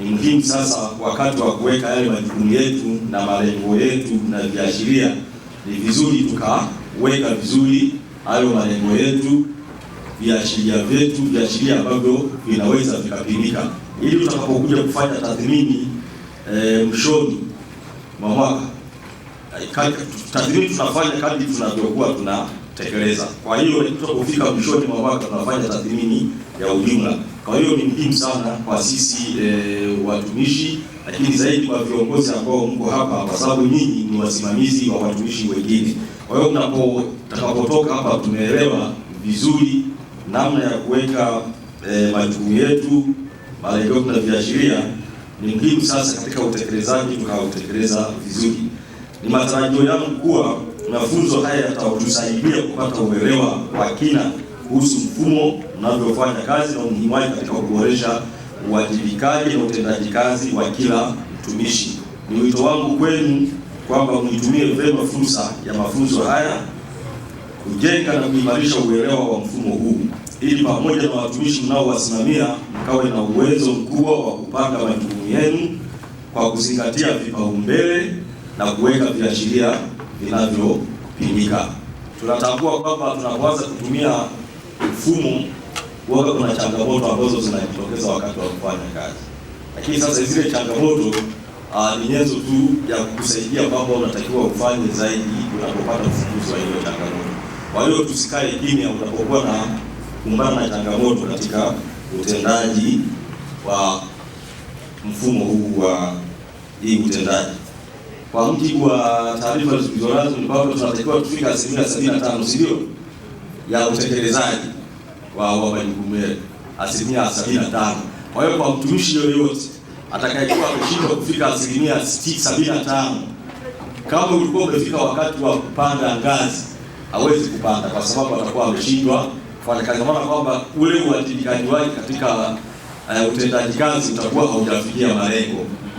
Ni muhimu sasa, wakati wa kuweka yale majukumu yetu na malengo yetu na viashiria, ni vizuri tukaweka vizuri hayo malengo yetu, viashiria vyetu, viashiria ambavyo vinaweza vikapimika, ili tutakapokuja kufanya tathmini e, eh, mshoni mwa mwaka, eh, tathmini tunafanya kadri tunavyokuwa tunatekeleza. Kwa hiyo tutakapofika mwishoni mwa mwaka tunafanya tathmini ya ujumla. Kwa hiyo ni muhimu sana kwa sisi e, watumishi, lakini zaidi kwa viongozi ambao mko hapa, kwa sababu nyinyi ni wasimamizi wa watumishi wengine. Kwa hiyo mnapo hapa, tumeelewa vizuri namna ya kuweka e, majukumu yetu, malengo viashiria ni muhimu. Sasa katika utekelezaji tukautekeleza vizuri. Ni matarajio yangu kuwa mafunzo haya yatatusaidia kupata uelewa wa kina kuhusu mfumo unavyofanya kazi na umuhimu wake katika kuboresha uwajibikaji na utendaji kazi wa kila mtumishi. Ni wito wangu kwenu kwamba mwitumie vyema fursa ya mafunzo haya kujenga na kuimarisha uelewa wa mfumo huu ili pamoja na watumishi mnaowasimamia mkawe na uwezo mkubwa wa kupanga majukumu yenu kwa kuzingatia vipaumbele na kuweka viashiria vinavyopimika. Tunatambua kwamba tunapoanza kutumia mfumo huwa kuna changamoto ambazo zinajitokeza wakati wa kufanya kazi, lakini sasa zile changamoto Uh, ni nyenzo tu ya kukusaidia kwamba unatakiwa ufanye zaidi unapopata ufunguzi wa hiyo changamoto. Kwa hiyo tusikae kimya unapokuwa na kumbana na changamoto katika utendaji wa mfumo huu wa hii utendaji. Kwa mujibu wa taarifa zilizonazo ni kwamba tunatakiwa tufika asilimia sabini na tano, si ndio, ya utekelezaji wa majukumu yetu, asilimia sabini na tano. Kwa hiyo kwa mtumishi yoyote atakayekuwa ameshindwa kufika asilimia sabini na tano, kama ulikuwa umefika wakati wa kupanda ngazi, hawezi kupanda kwa sababu atakuwa ameshindwa kufanya kazi, maana kwamba ule uwajibikaji wake katika uh, utendaji kazi utakuwa haujafikia malengo.